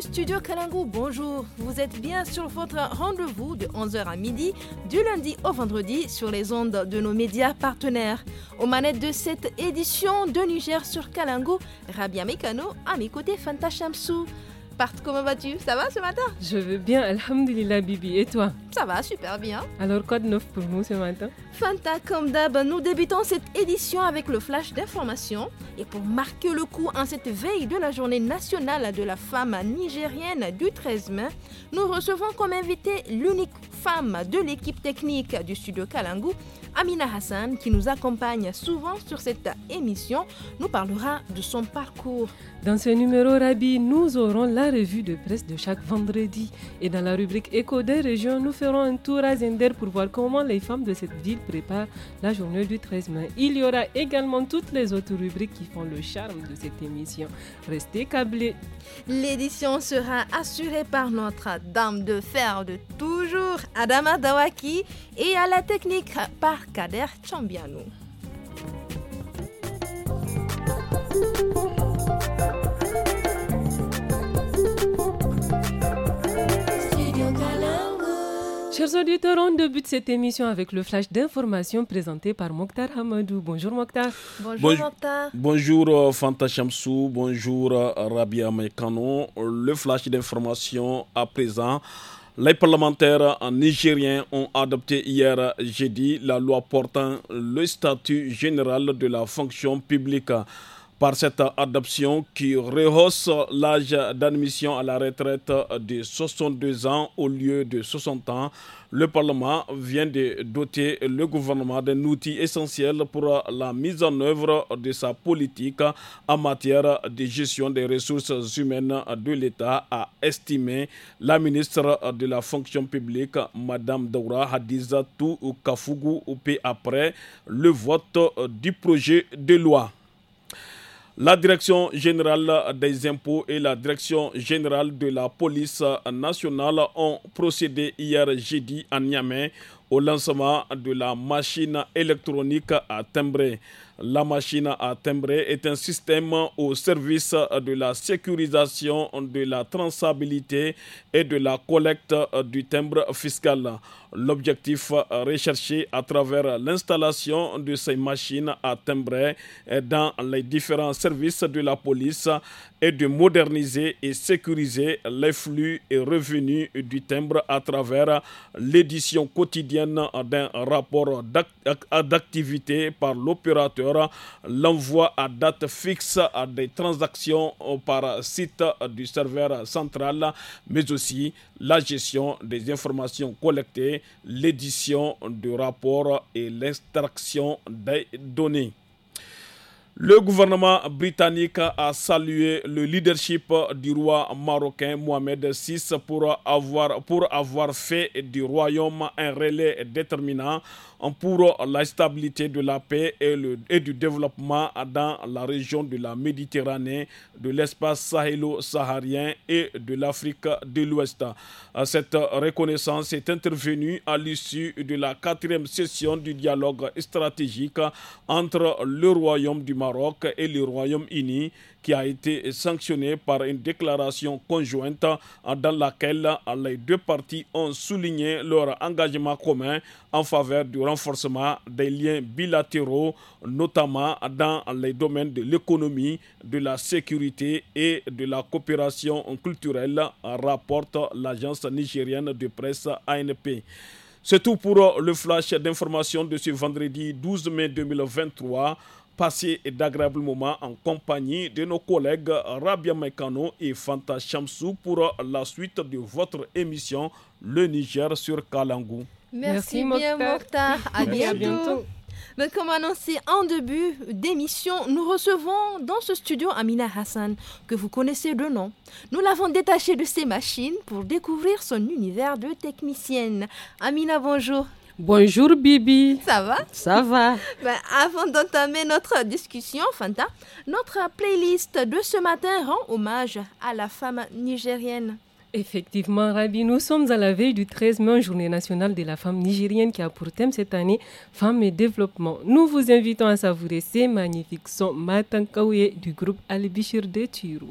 studio Kalangu, bonjour. Vous êtes bien sur votre rendez-vous de 11h à midi, du lundi au vendredi, sur les ondes de nos médias partenaires. Aux manettes de cette édition de Niger sur Kalangu, Rabia Mekano, à mes côtés Fanta Shamsou comment vas-tu Ça va ce matin Je veux bien, Alhamdulillah Bibi. Et toi Ça va, super bien. Alors, quoi de neuf pour nous ce matin Fanta, comme d'hab, nous débutons cette édition avec le flash d'information. Et pour marquer le coup en cette veille de la journée nationale de la femme nigérienne du 13 mai, nous recevons comme invité l'unique femme de l'équipe technique du studio Kalangu, Amina Hassan, qui nous accompagne souvent sur cette émission, nous parlera de son parcours. Dans ce numéro, Rabi, nous aurons la revue de presse de chaque vendredi. Et dans la rubrique Écho des régions, nous ferons un tour à Zender pour voir comment les femmes de cette ville préparent la journée du 13 mai. Il y aura également toutes les autres rubriques qui font le charme de cette émission. Restez câblés. L'édition sera assurée par notre dame de fer de toujours, Adama Dawaki, et à la technique par Kader Chambiano. Chers auditeurs, on débute cette émission avec le flash d'information présenté par Mokhtar Hamadou. Bonjour Mokhtar. Bonjour, Mokhtar. Bonjour euh, Fanta Chamsou, bonjour euh, Rabia Mekano. Le flash d'information à présent les parlementaires nigériens ont adopté hier jeudi la loi portant le statut général de la fonction publique par cette adoption qui rehausse l'âge d'admission à la retraite de 62 ans au lieu de 60 ans. Le Parlement vient de doter le gouvernement d'un outil essentiel pour la mise en œuvre de sa politique en matière de gestion des ressources humaines de l'État, a estimé la ministre de la fonction publique, Madame Daura Hadiza Kafougou, au après le vote du projet de loi. La direction générale des impôts et la direction générale de la police nationale ont procédé hier jeudi à Niamey au lancement de la machine électronique à timbrer. La machine à timbrer est un système au service de la sécurisation, de la traçabilité et de la collecte du timbre fiscal. L'objectif recherché à travers l'installation de ces machines à timbrer dans les différents services de la police est de moderniser et sécuriser les flux et revenus du timbre à travers l'édition quotidienne d'un rapport d'activité par l'opérateur, l'envoi à date fixe à des transactions par site du serveur central, mais aussi la gestion des informations collectées l'édition de rapport et l'extraction des données. Le gouvernement britannique a salué le leadership du roi marocain Mohamed VI pour avoir, fait du royaume un relais déterminant pour la stabilité de la paix et, et du développement dans la région de la Méditerranée, de l'espace sahélo-saharien et de l'Afrique de l'Ouest. Cette reconnaissance est intervenue à l'issue de la quatrième session du dialogue stratégique entre le royaume du Maroc et le Royaume-Uni qui a été sanctionné par une déclaration conjointe euh, dans laquelle euh, les deux parties ont souligné leur engagement commun en faveur du renforcement des liens bilatéraux, notamment dans les domaines de l'économie, de la sécurité et de la coopération culturelle, rapporte l'agence nigérienne de presse ANP. C'est tout pour le flash d'information de ce vendredi 12 mai 2023 et d'agréables moments en compagnie de nos collègues Rabia Mekano et Fanta Shamsou pour la suite de votre émission Le Niger sur Kalangou. Merci, À bientôt. Mais comme annoncé en début d'émission, nous recevons dans ce studio Amina Hassan, que vous connaissez de nom. Nous l'avons détachée de ses machines pour découvrir son univers de technicienne. Amina, bonjour. Bonjour Bibi. Ça va Ça va. Ben, avant d'entamer notre discussion, Fanta, notre playlist de ce matin rend hommage à la femme nigérienne. Effectivement, Rabi, nous sommes à la veille du 13 mai, journée nationale de la femme nigérienne qui a pour thème cette année Femmes et développement. Nous vous invitons à savourer ces magnifiques sons et du groupe al Bichir de Tiro.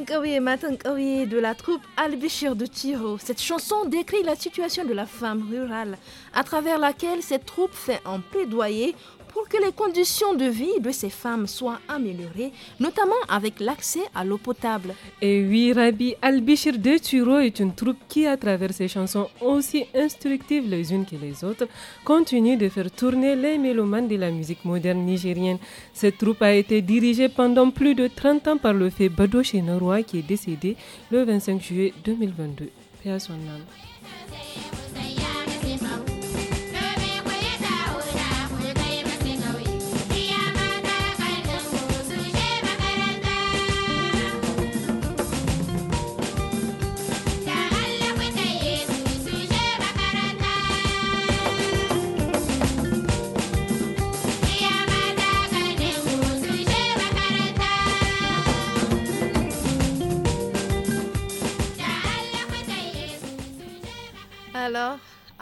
de la troupe al de Tiro. Cette chanson décrit la situation de la femme rurale, à travers laquelle cette troupe fait un plaidoyer pour que les conditions de vie de ces femmes soient améliorées, notamment avec l'accès à l'eau potable. Et oui, Rabi al de Turo est une troupe qui, à travers ses chansons aussi instructives les unes que les autres, continue de faire tourner les mélomanes de la musique moderne nigérienne. Cette troupe a été dirigée pendant plus de 30 ans par le fait Badoche Norwa qui est décédé le 25 juillet 2022.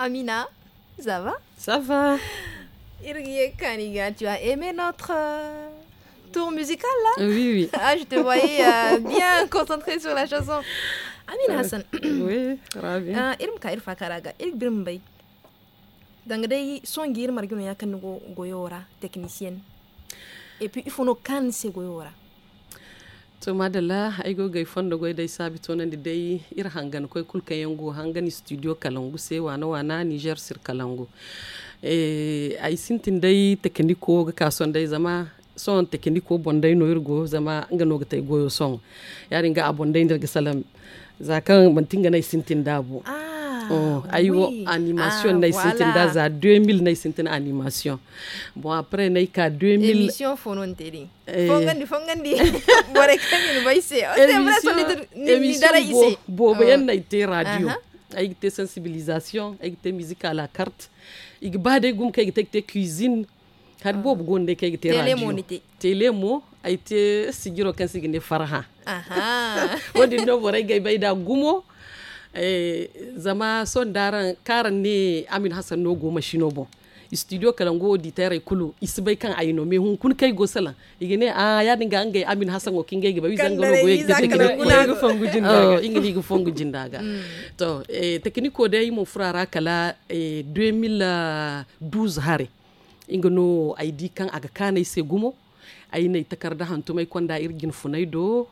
Amina, ça va Ça va. Irgie Kaniga, tu as aimé notre euh, tour musical là Oui, oui. Ah, je te voyais euh, bien concentrée sur la chanson. Amina Hassan. oui, ravi. Euh, Irm ka irfa karaga, irik birim bay. Dangdei son gir margino goyora technicienne. Et puis il faut nos cannes goyora. to madalla go gai fondo goi dai sabito nan dai ir hangan koi kulka yango hangan studio kalangu sai wana wana Niger sir kalangu eh ai sintin dai tekniko ga kason dai zama son tekniko bondai no irgo zama n'o ga tay goyo son yarin ga abondai daga salam zakan mantinga nai sintin dabu ah oh, animation ah, 2000 animation bon après na 2000 émission fonon fongandi fongandi baise radio uh-huh. sensibilisation ay musique à la carte ig cuisine kad y kay te radio télé a télé mo ay te farha aha no gumo Eh, zama son daran karan ne amin hassan no goma bon studio kalango di tare kulu isbai kan no me hun kun kai gosalan igene a ah, ya dinga an gai amin Hassan o kingai ba wizan garo go yek tete kire kuna go fongu jindaga oh. ingili go fongu jindaga mm. to eh tekniko dai mo furara kala eh 2012 hare ingano ID kan aga kana ise gumo ayi ne takarda hantumai kwanda irgin funai do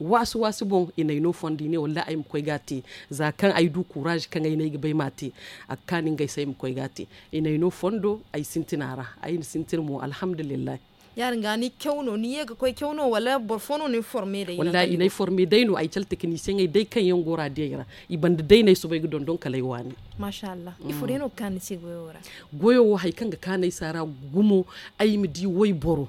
wasu wasu bon ina ino fondi ne wala ay mkoy gati za kan ay du courage kan ay nai bay mati akkan ngai sai mkoy gati ina ino fondo ay sintinara ay sintin mu alhamdulillah yar gani kyauno ni yega koy kyauno wala borfono ni formé dai wala ina formé dai no ay cal technicien ay dai kan yon gora dai yara ibande dai ne subay gudon don kalay wani mashallah mm. ifure no kan si goyora goyo wo hay kan ga kanai sara gumo ay mi di boro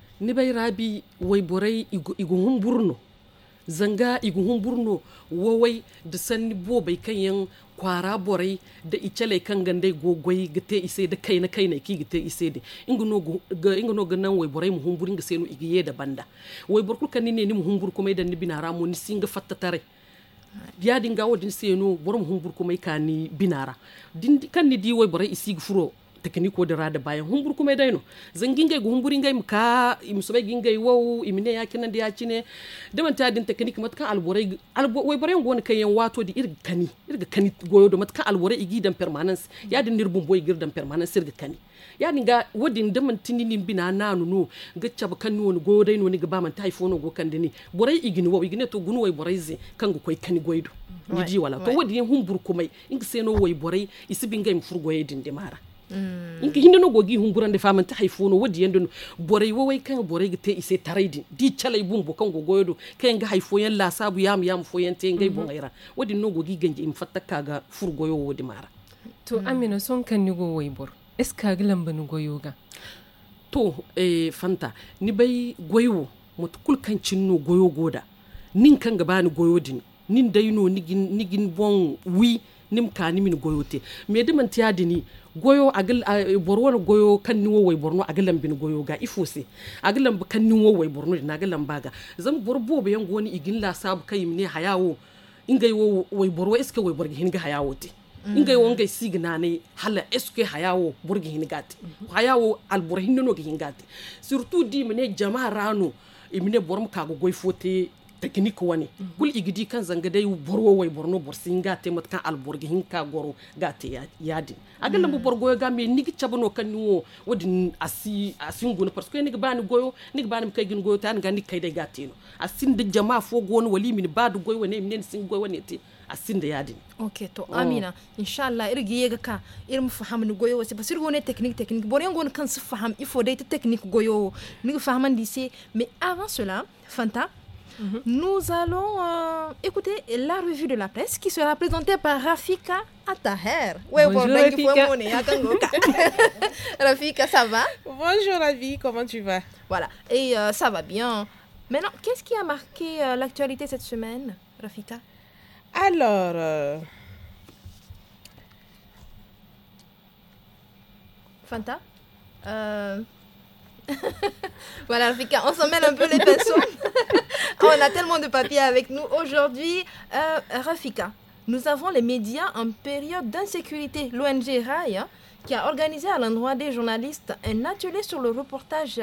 ni bai rabi wai borai iguhun burno zanga iguhun burno wawai da sanni bo bai kan yan kwara borai da icele kan gandai gogoi gite ise da kai na kai na ki gite ise de ingino ga ingino ga nan wai borai mu burin ga senu igiye da banda wai burkul kan ne ni mu humbur kuma idan ni binara mu ni singa fatta tare ya dinga wadin senu bor mu humbur kuma kani binara din kan ni di wai borai isi gfuro tekniko de rada bayan humbur kuma dai no zangin gai humburin ngai muka imsubai gin gai wau imine ya kinan da ya cine da manta din tekniki matkan alborai albo wai bare ngon kan yan wato di irga kani irga kani goyo da matkan alborai igi dan permanence ya din nirbun boy gir dan permanence irga kani ya din ga wadin da man nin bina nanu no gacca ba kan woni go dai no ni ga ba man taifono go kan dini borai igini wo igine to gunu wai borai ze kan go koi kani goido ni ji wala to wadin humbur kuma inga seno wai borai isibin gai mfurgo yedin de mara Mm. inki hindo no gogi hunguran nde faman ta haifono wodi yendo borei is kan borei gite ise taraidi di chala bun bokan gogoyodo kan ga sabu yam yam fo yan tengai bun mm-hmm. wodi no gogi im kaga furgoyo wodi mara to mm. amino son kan ni go bor eska goyoga to eh fanta ni bay goyo kul kan cinno goyo goda nin kan gaba ni goyo nin nigin nigin bon wi nim ka ni goyote me goyo agil borwar goyo kan niwo wai borno agilan bin goyo ga ifose agilan kan niwo wai borno na agilan baga zan borbo yan goni igin la sabu kai ne hayawo ingay wo wai borwa iska wai borgi hinga hayawo te mm. ingay wo ngay ne hala eske hayawo borgi hingate mm-hmm. hayawo alborhinno no hingate surtout di mene jama rano imine borom kago goy te. Technique wani mhm. kul igidi kan zanga borwo wai borno borsin ga kan alborgi goro ga yadin agalla mu mm. borgo ga me nigi chabano kan niwo wodi asi asin parce que nigi bani goyo nigi bani kai gin goyo tan ga ni no asin jama fo gon wali min badu goyo wani min sin goyo wani asin yadin okay to oh. amina inshallah irgi yega ka irin faham ni goyo wasi basir technique technique teknik boren gon kan su faham ifo dai technique goyo ni fahamandi dise mais avant cela fanta Mhm. Nous allons euh, écouter la revue de la presse qui sera présentée par Rafika Ataher. Bonjour Rafika. Rafika, ça va Bonjour Ravi, comment tu vas Voilà, et euh, ça va bien. Maintenant, qu'est-ce qui a marqué euh, l'actualité cette semaine, Rafika Alors... Fanta voilà, Rafika, on s'en mêle un peu les pinceaux. on a tellement de papiers avec nous aujourd'hui. Euh, Rafika, nous avons les médias en période d'insécurité. L'ONG RAI, hein, qui a organisé à l'endroit des journalistes un atelier sur le reportage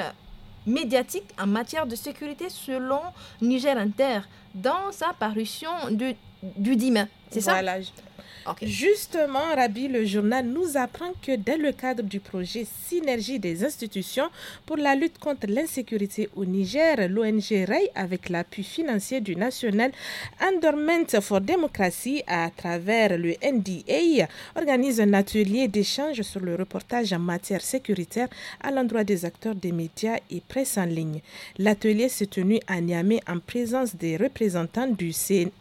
médiatique en matière de sécurité selon Niger Inter dans sa parution du, du 10 C'est ça Justement, Rabi, le journal nous apprend que dans le cadre du projet Synergie des institutions pour la lutte contre l'insécurité au Niger, l'ONG REI, avec l'appui financier du National Endowment for Democracy à travers le NDA, organise un atelier d'échange sur le reportage en matière sécuritaire à l'endroit des acteurs des médias et presse en ligne. L'atelier s'est tenu à Niamey en présence des représentants du CNI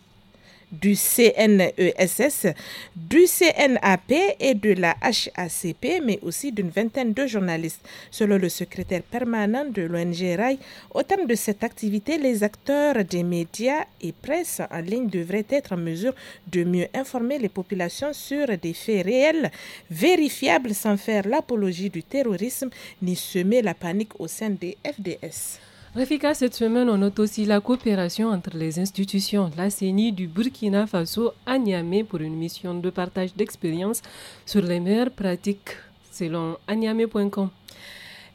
du CNESS, du CNAP et de la HACP, mais aussi d'une vingtaine de journalistes. Selon le secrétaire permanent de l'ONG RAI, au terme de cette activité, les acteurs des médias et presse en ligne devraient être en mesure de mieux informer les populations sur des faits réels, vérifiables sans faire l'apologie du terrorisme ni semer la panique au sein des FDS. Rafika, cette semaine, on note aussi la coopération entre les institutions. La CENI du Burkina Faso à pour une mission de partage d'expériences sur les meilleures pratiques selon agname.com.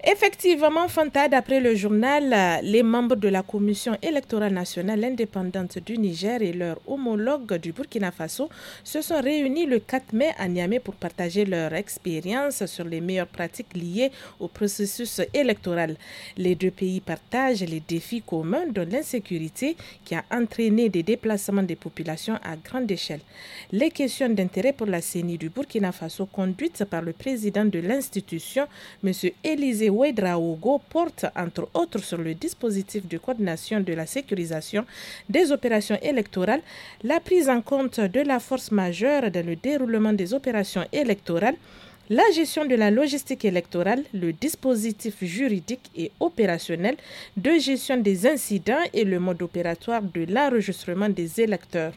Effectivement, Fanta, d'après le journal, les membres de la Commission électorale nationale indépendante du Niger et leurs homologues du Burkina Faso se sont réunis le 4 mai à Niamey pour partager leur expérience sur les meilleures pratiques liées au processus électoral. Les deux pays partagent les défis communs de l'insécurité qui a entraîné des déplacements des populations à grande échelle. Les questions d'intérêt pour la CENI du Burkina Faso conduites par le président de l'institution, M. Élisée Ouedra porte entre autres sur le dispositif de coordination de la sécurisation des opérations électorales, la prise en compte de la force majeure dans le déroulement des opérations électorales, la gestion de la logistique électorale, le dispositif juridique et opérationnel de gestion des incidents et le mode opératoire de l'enregistrement des électeurs.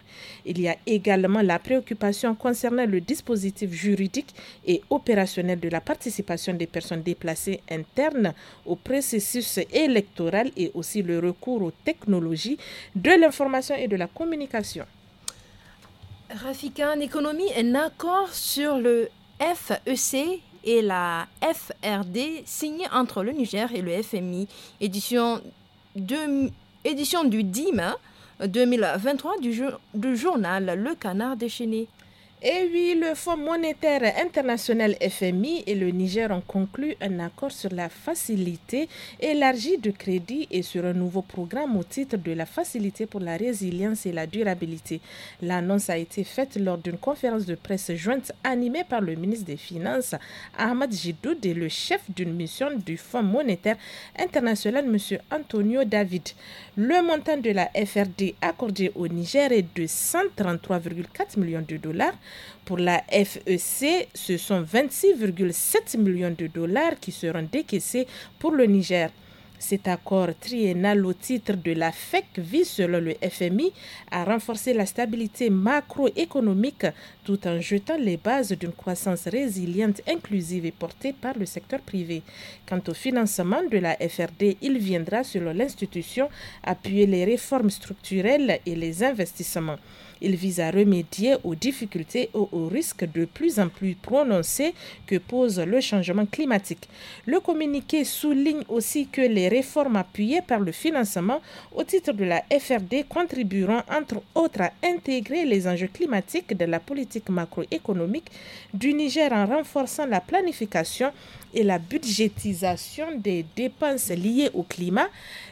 Il y a également la préoccupation concernant le dispositif juridique et opérationnel de la participation des personnes déplacées internes au processus électoral et aussi le recours aux technologies de l'information et de la communication. Rafika, en économie, un accord sur le FEC et la FRD signée entre le Niger et le FMI, édition, édition du DIM 2023 du journal Le Canard déchaîné. Et eh oui, le Fonds monétaire international FMI et le Niger ont conclu un accord sur la facilité élargie de crédit et sur un nouveau programme au titre de la facilité pour la résilience et la durabilité. L'annonce a été faite lors d'une conférence de presse jointe animée par le ministre des Finances, Ahmad Jidoud, et le chef d'une mission du Fonds monétaire international, M. Antonio David. Le montant de la FRD accordée au Niger est de 133,4 millions de dollars. Pour la FEC, ce sont 26,7 millions de dollars qui seront décaissés pour le Niger. Cet accord triennal au titre de la FEC vise, selon le FMI, à renforcer la stabilité macroéconomique tout en jetant les bases d'une croissance résiliente, inclusive et portée par le secteur privé. Quant au financement de la FRD, il viendra, selon l'institution, appuyer les réformes structurelles et les investissements. Il vise à remédier aux difficultés ou aux risques de plus en plus prononcés que pose le changement climatique. Le communiqué souligne aussi que les réformes appuyées par le financement au titre de la FRD contribueront entre autres à intégrer les enjeux climatiques de la politique macroéconomique du Niger en renforçant la planification et la budgétisation des dépenses liées au climat,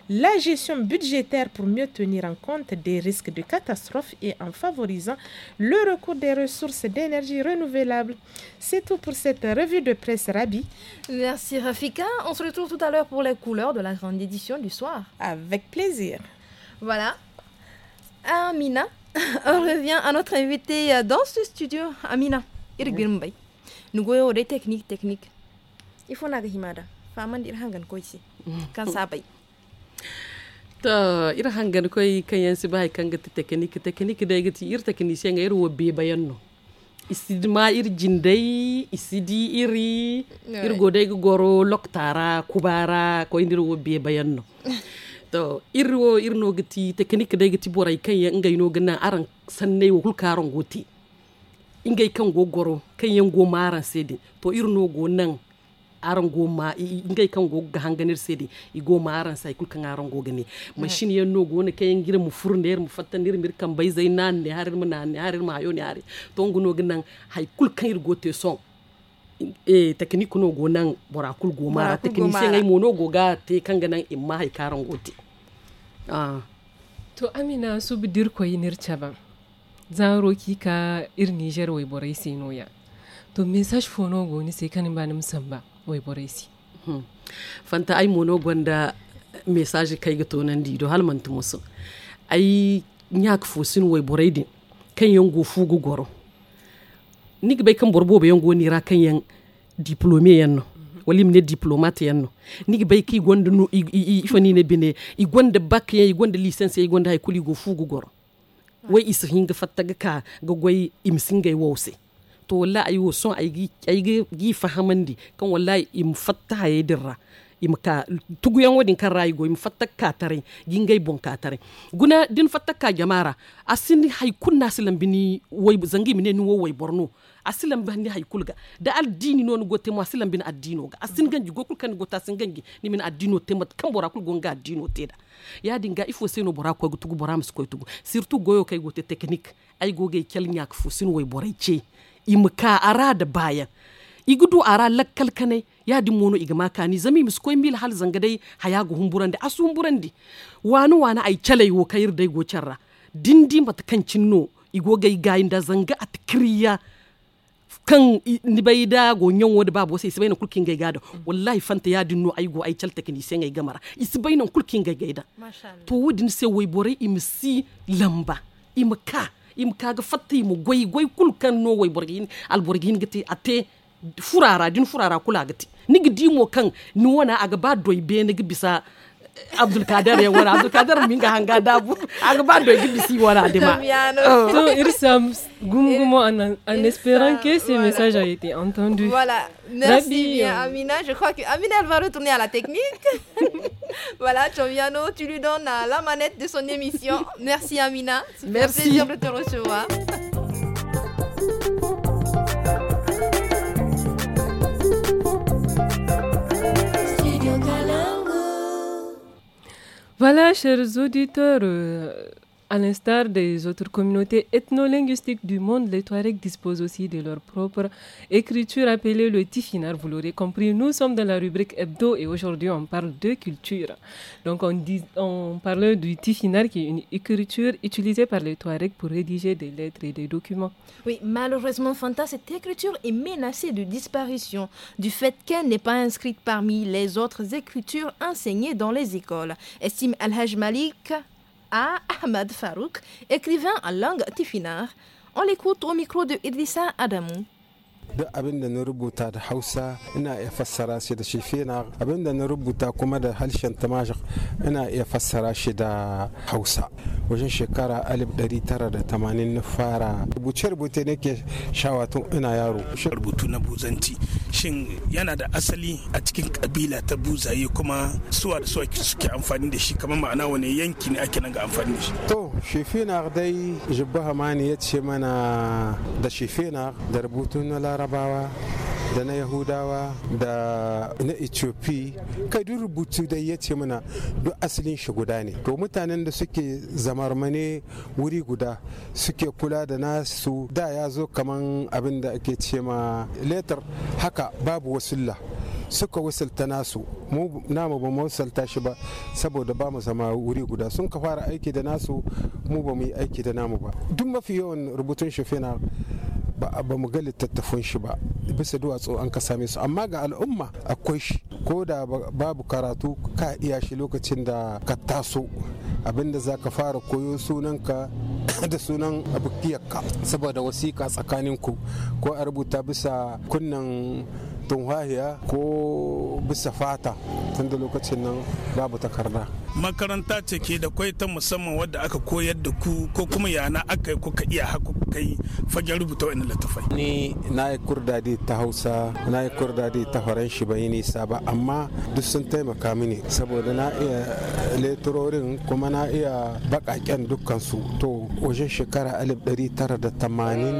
la gestion budgétaire pour mieux tenir en compte des risques de catastrophes et en favorisant le recours des ressources d'énergie renouvelable. C'est tout pour cette revue de presse Rabi. Merci Rafika. On se retrouve tout à l'heure pour les couleurs de la grande édition du soir. Avec plaisir. Voilà. Amina, on revient à notre invité dans ce studio, Amina Irgirmbay. Nous voyons des techniques, techniques. Il faut la himada. Faman to ir hangan koy kayan si bay kanga te technique technique day gati ir technicien ir wo be bayanno isidi ma ir jindai isidi iri ir day goro loktara kubara ko indir wo be bayanno to ir wo ir no gati technique day gati boray kayen ngay no gana aran sanne wo karon goti ingay kan go goro kayan go mara sedi to ir no go nan aran goma ma ngai kan go ga hanganir i go ma aran sai kul kan aran gogani gane mashin yan no go ne kayan gira mu furnde mu fattanir mir kan bai zai nan ne harir mu nan ne harir ma ayo ne harir to nguno gnan hay kul kan ir go te son e technique no go nan bora kul go ra technique ngai mo mono go ga te kan ganan imma hay karan gote ah to amina su bidir ko yinir chaban zaro ka ir niger wai borai sinoya to message fono go ni sai kanin ba ni musamba. ba way si hmm. fanta ai mono gonda ga tonan di do halmantu musu ay ñaak fo wai way boreydi kan yango fugu goro nigi bai kan borbo be yango ni ra kan diplome yan no mhm. wali ne diplomate yanno nigi bai kai gwanda no i fani ne bine i gwanda bak yan i gonda licence i gonda hay kuligo fugu goro wai isa hinga ga ka ga goy imsinga wawse to wallahi ayi son ayi gi fahamandi kan wallahi im fatta haye dirra im ka tuguyan wadin kan im fatta ka tare bon ka guna din fatta ka jamara asini hay kunna silam bini way zangi mine ni borno hay da al dini non gote temo asilan bin ga asin ganji gokul kan sin ganji ni min temat kan bora gonga teda ya dinga ifo sino bora ko tugu bora mus ko tugu goyo gote technique ay goge kel nyak fu sin imka ara da bayan igudu ara lakkal kanai ya di mono igama kani zami mis koy mil hal zangadai haya go humburande asu di wani wani ai calai wo kayir dai go charra dindi mata kan cinno igo gai gai da zanga at kriya kan ni bai da go nyon wodi babo sai sibai na kulkin gai gada wallahi fanta ya dinno ai go ai chalta kini sai ngai gamara isibai na kulkin gai gaida to wudin sai wai bore imsi lamba imka im kaga goy kul no way borgin al ate furara din furara kula gati nigi dimo aga ba abdulkader abdulkader oh. en, espérant que ces voilà. été entendu voilà merci euh, Amina je crois que elle va retourner à la technique voilà Chomiano tu lui donnes euh, la manette de son émission merci Amina c'est un plaisir de te recevoir Voilà, chers auditeurs, À l'instar des autres communautés ethno-linguistiques du monde, les Touaregs disposent aussi de leur propre écriture appelée le Tifinagh. Vous l'aurez compris, nous sommes dans la rubrique hebdo et aujourd'hui on parle de culture. Donc on, dit, on parle du Tifinagh qui est une écriture utilisée par les Touaregs pour rédiger des lettres et des documents. Oui, malheureusement, Fanta, cette écriture est menacée de disparition du fait qu'elle n'est pas inscrite parmi les autres écritures enseignées dans les écoles, estime al Malik, à Ahmad Farouk, écrivain en langue tifinagh. On l'écoute au micro de Idrissa Adamou. duk abin da na rubuta da hausa ina iya fassara shi da shifina abin da na rubuta kuma da harshen tamashin ina iya fassara shi da hausa wajen shekara 1980 na fara rubuce-rubuce ne ke tun ina yaro rubutu na buzanti shin yana da asali a cikin kabila ta buzaye kuma suwa da suwa suke amfani da shi kamar ma'ana wani yanki ne ake ga amfani da shi to shifina dai jibba hamani ya ce mana da shifina da rubutu na lara larabawa da na yahudawa da na ethiopi kai duk rubutu da ya ce mana duk asalin shi guda ne to mutanen da suke zamarmane wuri guda suke kula da nasu da ya zo kaman abin da ake ce ma letar haka babu wasulla suka wasalta nasu mu namu ba wasalta shi ba saboda ba mu zama wuri guda sun ka fara aiki da nasu mu ba mu yi aiki da namu ba duk mafi yawan rubutun shi fina ba mu ga littattafan shi ba bisa duwatsu an ka same su amma ga al'umma akwai shi ko da babu karatu ka iya shi lokacin da ka taso abinda za ka fara koyo sunanka da sunan abukiyarka saboda wasiƙa tsakaninku ko a rubuta bisa kunnan tunhahiya ko bisa fata tunda lokacin nan babu takarda makaranta ce ke da kwai ta musamman wadda aka koyar da ku ko kuma yana aka yi kuka iya haku kai fagen rubuta wani littafai ni na yi kurdadi ta hausa na yi kurdadi ta horon shi bai nisa ba amma duk sun taimaka mini saboda na iya leturorin kuma na iya bakaken dukansu to wajen shekara alif ɗari tara da tamanin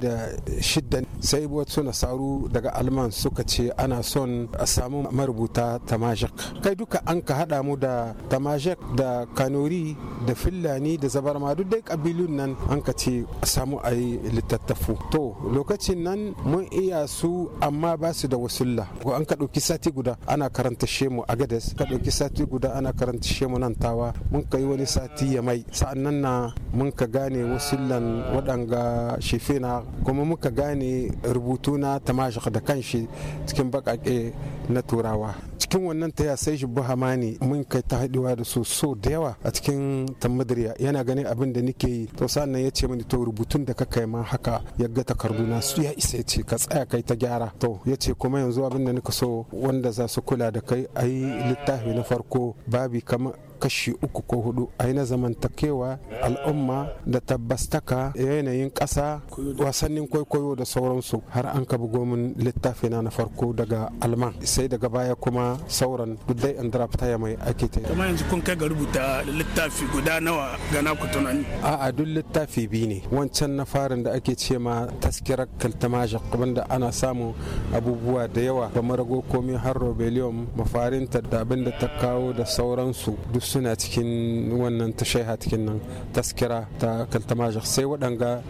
da shidda sai wasu nasaru daga malaman suka ce ana son a samu marubuta tamajak kai duka an ka hada mu da tamajak da kanori da fillani da zabarma duk dai kabilun nan an ka ce a samu a yi littattafu to lokacin nan mun iya su amma ba su da wasulla an ka ɗauki sati guda ana karanta shemu a gades ka ɗauki sati guda ana karanta shemu nan tawa mun ka wani sati ya mai sa'annan na mun ka gane wasullan waɗanga shefena kuma muka gane rubutu na tamajak da kan shi cikin bakake na turawa cikin wannan taya sai shi buhamani mun kai ta haɗewa da su so da yawa a cikin tamadariya yana ganin abin da nike yi to sannan ya ce mini to rubutun da ka kai ma haka ya ga takardu na su ya isa ce ka tsaya kai ta gyara to ya ce kuma yanzu abin da nika so wanda za su kula da kai a yi littafi na farko babi kamar kashi uku ko hudu a na zamantakewa al'umma da tabbastaka yanayin ƙasa wasannin kwaikwayo da sauransu har an ka bugo min littafi na farko daga alman sai daga baya kuma sauran dudai an drafta ya mai ake ta kuma yanzu kun kai ga rubuta littafi guda nawa ga naku tunani a'a duk littafi bi ne wancan na farin da ake ce ma taskirar kaltamaja wanda ana samun abubuwa da yawa kamar rago komi har robelium mafarin da abin da ta kawo da sauransu duk suna cikin wannan shaiha cikin nan taskira ta kaltamajik sai waɗanga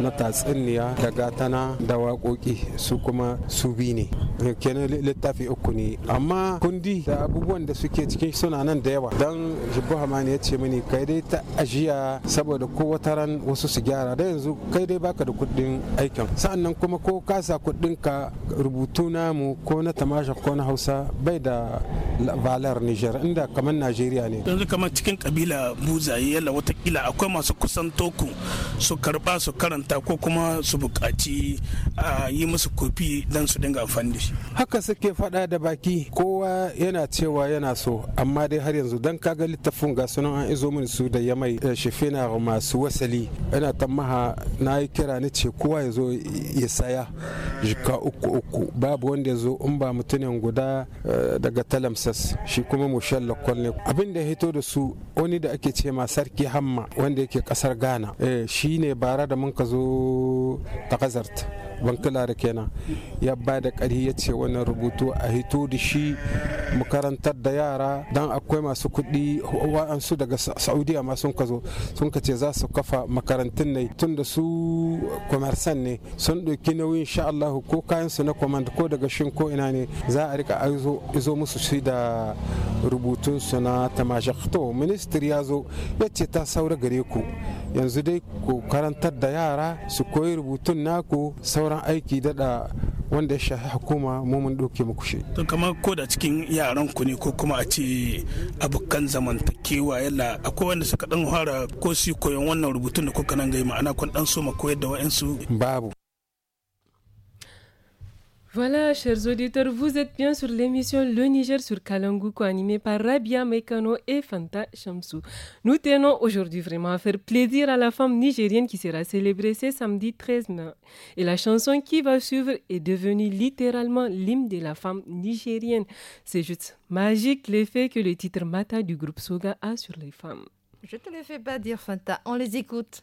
na tatsuniya da gatana da waƙoƙi su kuma su bi ne kenan littafi uku ne amma kundi da abubuwan da suke cikin suna nan da yawa don jibbo hamani ya ce mini kai dai ta ajiya saboda ko wata ran wasu su gyara da yanzu kai dai baka da kuɗin aikin sa'annan kuma ko kasa kuɗin ka rubutu namu ko na tamasha ko na hausa bai da valar niger inda kamar najeriya ne yanzu kamar cikin kabila buzaye yalla watakila akwai masu kusan toku su karba su karanta ko kuma su bukaci a yi musu kofi don su dinga amfani da shi haka suke faɗa da baki kowa yana cewa yana so amma dai har yanzu dan kaga littafin ga sunan an izo min su da ya mai eh, shifina masu wasali yana tammaha na yi kira ni ce kowa ya zo ya saya jika uku uku babu wanda ya zo in ba mutumin guda eh, daga talamsas shi kuma mushallakon ne abin da ya hito da su wani da ake ce ma sarki hamma wanda yake kasar ghana eh, shi ne bara da mun ka zo takazart bankila da kenan ya ba da ƙari ya ce wannan rubutu a hito da shi makarantar da yara don akwai masu kuɗi wa'ansu daga saudiya ma sun ka zo sun ka ce za su kafa makarantun ne tun da su kwamarsan ne sun ɗauki nauyin sha Allah ko kayansu na kwamand ko daga shin ko ina ne za a rika izo musu shi da rubutunsu na to ministry ya zo ya ce ta saura gare ku yanzu dai ku karantar da yara su koyi rubutun naku sauran aiki dada wanda ya shafi hukuma mu doke muku shi. To kamar ko da cikin yaran ku ne ko kuma a ce abokan zamantakewa yalla akwai wanda suka dan fara ko su koyon wannan rubutun da kuka nan gai ma'ana kun dan so ma koyar da wa'ansu. Babu. Voilà, chers auditeurs, vous êtes bien sur l'émission Le Niger sur Kalangouko, animée par Rabia Mekano et Fanta Shamsou. Nous tenons aujourd'hui vraiment à faire plaisir à la femme nigérienne qui sera célébrée ce samedi 13 mai. Et la chanson qui va suivre est devenue littéralement l'hymne de la femme nigérienne. C'est juste magique l'effet que le titre Mata du groupe Soga a sur les femmes. Je te le fais pas dire, Fanta. On les écoute.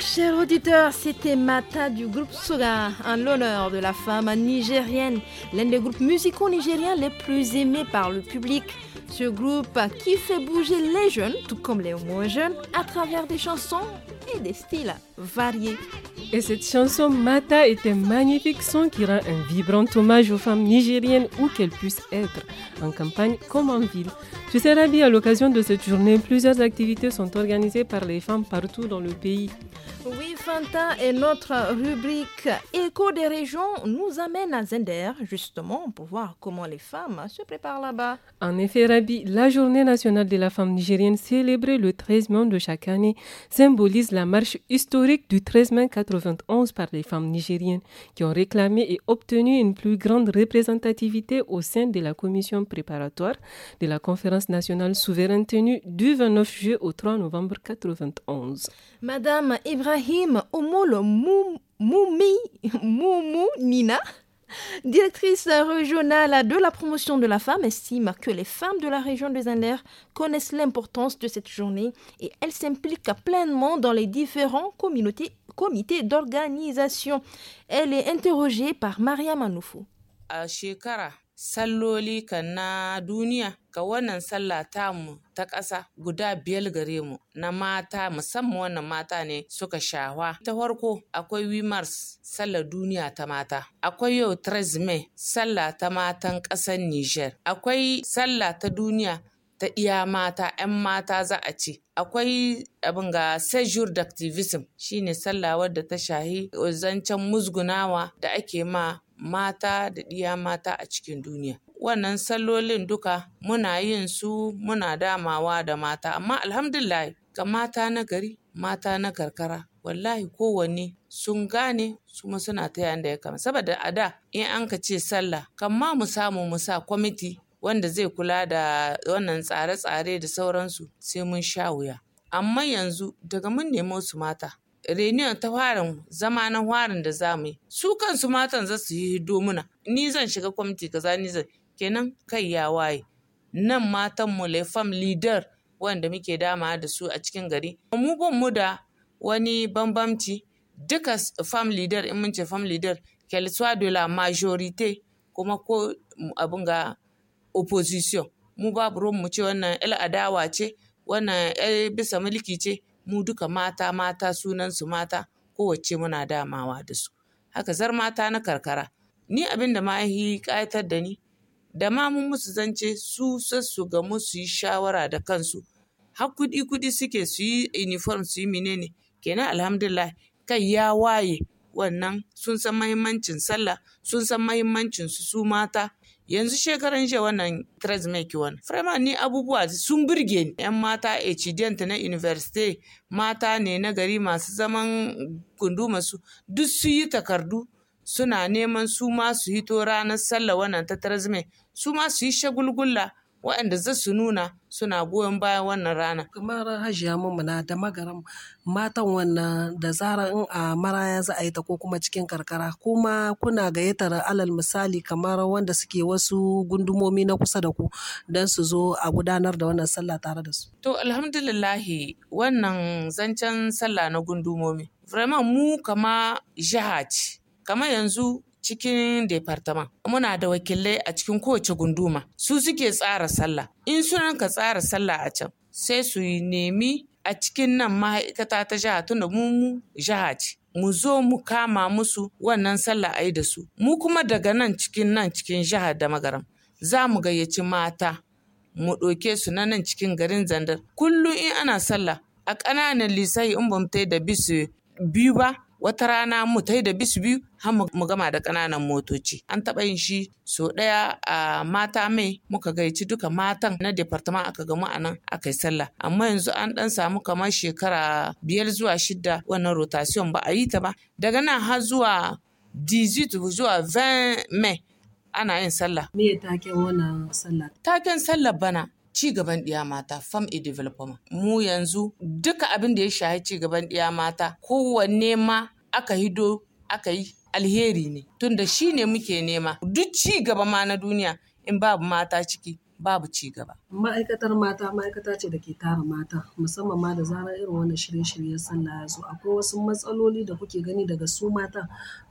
chers auditeurs, c'était Mata du groupe Soga en l'honneur de la femme nigérienne, l'un des groupes musicaux nigériens les plus aimés par le public. Ce groupe qui fait bouger les jeunes, tout comme les moins jeunes, à travers des chansons et des styles variés. Et cette chanson Mata est un magnifique son qui rend un vibrant hommage aux femmes nigériennes où qu'elles puissent être, en campagne comme en ville. Tu sais, Rabi, à l'occasion de cette journée, plusieurs activités sont organisées par les femmes partout dans le pays. Oui, Fanta, et notre rubrique Écho des régions nous amène à Zender, justement, pour voir comment les femmes se préparent là-bas. En effet, Rabi, la Journée nationale de la femme nigérienne, célébrée le 13 mai de chaque année, symbolise la marche historique du 13 mai 91 par les femmes nigériennes qui ont réclamé et obtenu une plus grande représentativité au sein de la commission préparatoire de la conférence nationale souveraine tenue du 29 juillet au 3 novembre 1991. Madame Ibrahim Omoul Moumi Moumou Nina, directrice régionale de la promotion de la femme, estime que les femmes de la région des Indes connaissent l'importance de cette journée et elles s'impliquent pleinement dans les différents comités d'organisation. Elle est interrogée par Maria Manoufou. salloli kan na duniya ga wannan sallah mu ta ƙasa guda biyar gare mu na mata musamman wannan mata ne suka shawa ta farko akwai wimars sallar duniya ta mata akwai yau tresme sallah ta matan ƙasar niger akwai sallah ta duniya ta iya mata 'yan mata za a ce akwai abin ga sejour d'activism shine sallah wadda ta shahi zancen musgunawa da ake ma mata da ɗiya mata a cikin duniya. Wannan sallolin duka muna yin su muna damawa da mata amma alhamdulillah ga mata na gari mata na karkara wallahi kowanne sun gane kuma suna ta yanda ya kama saboda a da in an ka ce sallah kamma mu samu mu sa kwamiti wanda zai kula da wannan tsare-tsare da sauransu sai mun sha wuya amma yanzu daga mun nemi su mata reunion ta farin zama na farin da za mu yi su kansu matan za su yi hido muna ni zan shiga kwamiti kaza ni zan kenan kai ya waye nan matan mu fam leader wanda muke dama da su a cikin gari mu ban mu da wani bambamci duka fam leader in mun ce fam leader kelswa de la majorité kuma ko abin ga opposition mu babu ruwan mu ce wannan 'yar adawa ce wannan 'yar bisa mulki ce mu duka mata mata sunan su mata kowacce muna damawa da su haka zar mata na karkara ni abin da ma yi ƙayatar da ni da ma mun musu zance su sassu ga musu yi shawara da kansu har kuɗi kuɗi suke su yi uniform su yi menene kenan alhamdulillah kai ya waye wannan sun san mahimmancin sallah sun san mahimmancin su su mata yanzu shekaran jiya wannan tres make one freeman ni abubuwa sun birge yan mata ta na university mata ne na gari masu zaman gunduma su duk su yi takardu suna neman su ma su hito ranar sallah wannan ta tres su ma su yi shagulgulla waɗanda za su nuna suna goyon bayan wannan rana. Kamar hajiya na da magaram matan wannan da zara in a maraya za a yi ta ko kuma cikin karkara kuma kuna gayyatar alal misali kamar wanda suke wasu gundumomi na kusa da ku don su zo a gudanar da wannan sallah tare da su. To alhamdulillahi wannan zancen sallah na gundumomi. Vraiment mu kama jihar ce. Kama yanzu cikin departament muna da wakilai a cikin kowace gunduma su suke tsara sallah in suna ka tsara sallah a can sai su nemi a cikin nan ma'aikata ta jiha tunda mu mu jiha ce mu zo mu kama musu wannan sallah ai da su mu kuma daga nan cikin nan cikin jiha da magaram za mu gayyaci mata mu ɗauke su na nan cikin garin zandar kullum in ana sallah a ƙananan lisai in ba mu da bisu biyu ba wata rana mu tai da bisu biyu har mu gama da ƙananan motoci an taɓa yin shi so ɗaya a mata mai muka gaici duka matan na departament aka gamu a nan aka yi sallah amma yanzu an ɗan samu kamar shekara biyar zuwa shida wannan rotation ba a yi ta ba daga nan har zuwa 18 zuwa 20 mai ana yin sallah. Me taken wannan sallah? Taken sallah bana ci gaban ɗiya mata fam e development mu yanzu duka abin da ya shahi ci gaban ɗiya mata kowanne ma aka hido aka yi alheri ne tunda shi ne muke nema duk ci gaba ma na duniya in babu mata ciki babu ci gaba. Ma'aikatar mata ma'aikata ce da ke tara mata musamman ma da zarar irin wannan shirye-shiryen sallah ya zo akwai wasu matsaloli da kuke gani daga su mata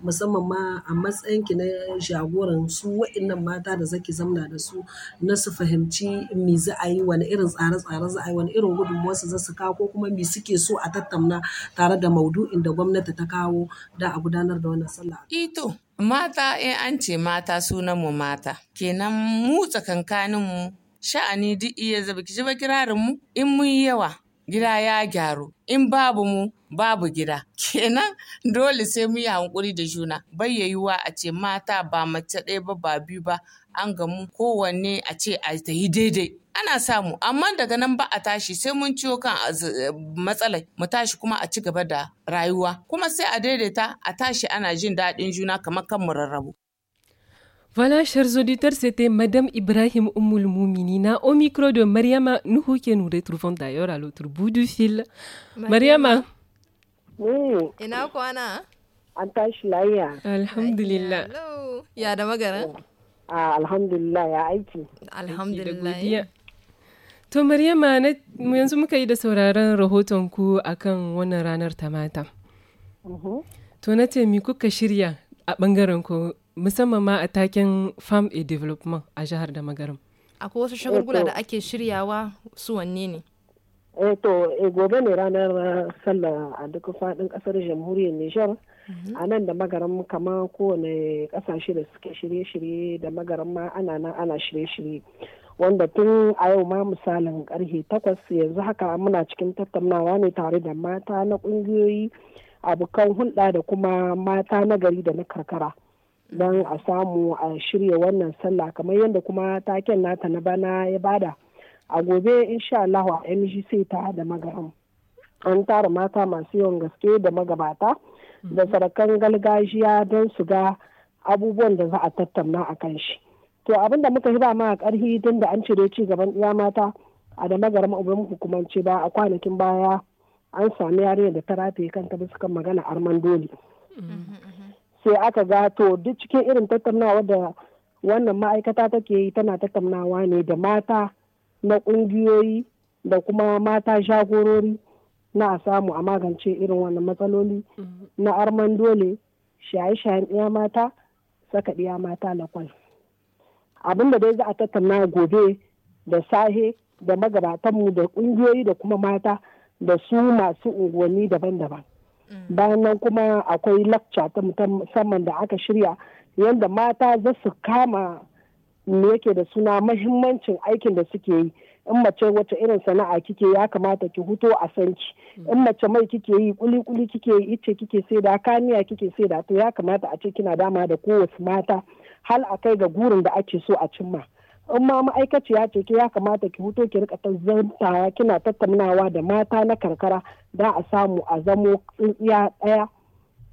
musamman ma a matsayin ki na jagoran su wa'innan mata da zaki zamna da su na su fahimci me za a yi wani irin tsare-tsare za a yi wani irin gudunmuwar su za su kawo ko kuma me suke so a tattauna tare da maudu'in da gwamnati ta kawo da a gudanar da wannan sallah. Ito Mata, in eh, an ce mata sunan mu mata. Kenan mu tsakankanin mu sha'ani duk iya zaba ki ji ba mu in mun yawa gida ya gyaru in babu mu babu gida kenan dole sai mu yi hankuri da juna bai a ce mata ba mace ɗaya ba ba biyu ba an gamu kowanne a ce a ta yi daidai ana samu amma daga nan ba a tashi sai mun ciwo kan eh, eh, matsalai mu tashi kuma a ci gaba da rayuwa kuma sai a daidaita a tashi ana jin daɗin juna kamar kan mu rarrabu Voilà, chers auditeurs, c'était Madame Ibrahim Oumoul na au micro de Mariama Nuhu que nous retrouvons d'ailleurs à l'autre bout du fil. Mariama. Oui. Ina kwana? An tashi lafiya. Alhamdulillah. Hello. Ya da magana? Ah, alhamdulillah ya aiki. Alhamdulillah. To Maryama yanzu muka yi da sauraron rahoton ku akan wannan ranar ta mata. Mm-hmm. To na ce mi kuka shirya a bangaren ku musamman ma a taken farm a development a jihar da magaram. Akwai wasu shagulgula da ake shiryawa su wanne ne? Eh to eh, gobe ne ranar uh, sallah a duk faɗin ƙasar jamhuriyar Nijar. Mm-hmm. a nan da magaran kama kowane ƙasashe da suke shirye-shirye da magaran ma ana nan ana shirye-shirye wanda tun a yau ma misalin karfe takwas yanzu haka muna cikin tattaunawa ne tare da mata na kungiyoyi abokan hulɗa da kuma mata na gari da na karkara don a samu a shirya wannan sallah kamar yadda kuma taken nata na bana ya bada a gobe insha Allah a mgc ta da magaram an tara mata masu yawan gaske da magabata da sarakan galgajiya don su ga abubuwan da za a tattauna a kan shi. to abin da muka yi ba ma karhi tun da an cire ci gaban iya mata a da magarama ubin hukumance ba a kwanakin baya an sami yarinya da ta rataye kanta bisa kan magana arman doli sai aka ga to duk cikin irin tattaunawa da wannan ma'aikata take yi tana tattaunawa ne da mata na ƙungiyoyi da kuma mata jagorori na a samu a magance irin wannan matsaloli mm. na arman dole shaye-shayen ɗiya mata saka ɗiya mata na lakwal. abin da dai za a tattauna gobe da sahe da magabatanmu da kungiyoyi da kuma mata da su masu unguwanni daban-daban mm. bayan nan kuma akwai lakca ta musamman da aka shirya yadda mata za su kama me yake da suna mahimmancin aikin da suke yi in mace wata irin sana'a kike ya kamata ki huto a sanki mm. in mace mai kike yi kuli kuli kike yi ice kike sai da kaniya kike sai da to ya kamata a ce kina dama da kowace mata hal a kai ga gurin da ake so a cimma in ma ma'aikaciya ce ke ya kamata ki hoto ki rika zantawa kina tattaunawa da mata na karkara da a samu a zamo tsintsiya ɗaya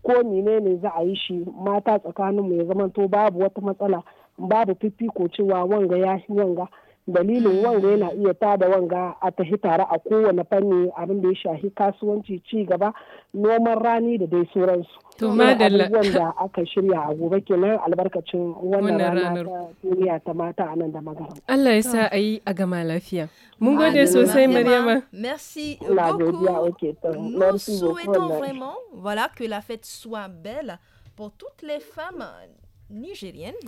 ko menene za a yi shi mata tsakaninmu ya zamanto babu wata matsala babu fifiko cewa wanga ya yanga. dalilin mm. wanga yana iya tada wanga a tafi tare a kowane fanni abin da ya shahi kasuwanci ci gaba noman rani da dai sauransu to madalla wanda aka shirya a gobe kenan albarkacin wannan rana ta duniya ta mata a nan da magana Allah ya sa a yi a gama lafiya mun gode sosai Maryama merci beaucoup souhaitons vraiment voilà que la fête soit belle pour toutes les femmes nigériennes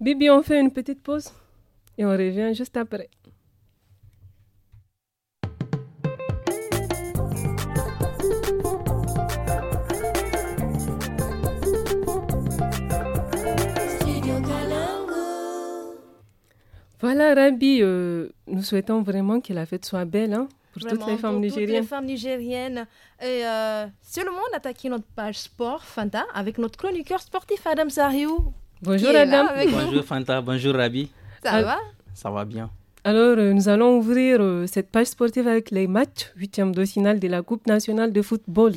Bibi on fait une petite pause et on revient juste après. Voilà, Rabi, euh, nous souhaitons vraiment que la fête soit belle hein, pour toutes les femmes nigériennes. Toutes les femmes nigériennes. Et seulement, monde, attaque notre page sport, Fanta, avec notre chroniqueur sportif, Adam Sariou. Bonjour, Adam. Bonjour, Fanta. Bonjour, Rabi. Ça ah. va Ça va bien. Alors, euh, nous allons ouvrir euh, cette page sportive avec les matchs huitièmes de finale de la Coupe nationale de football.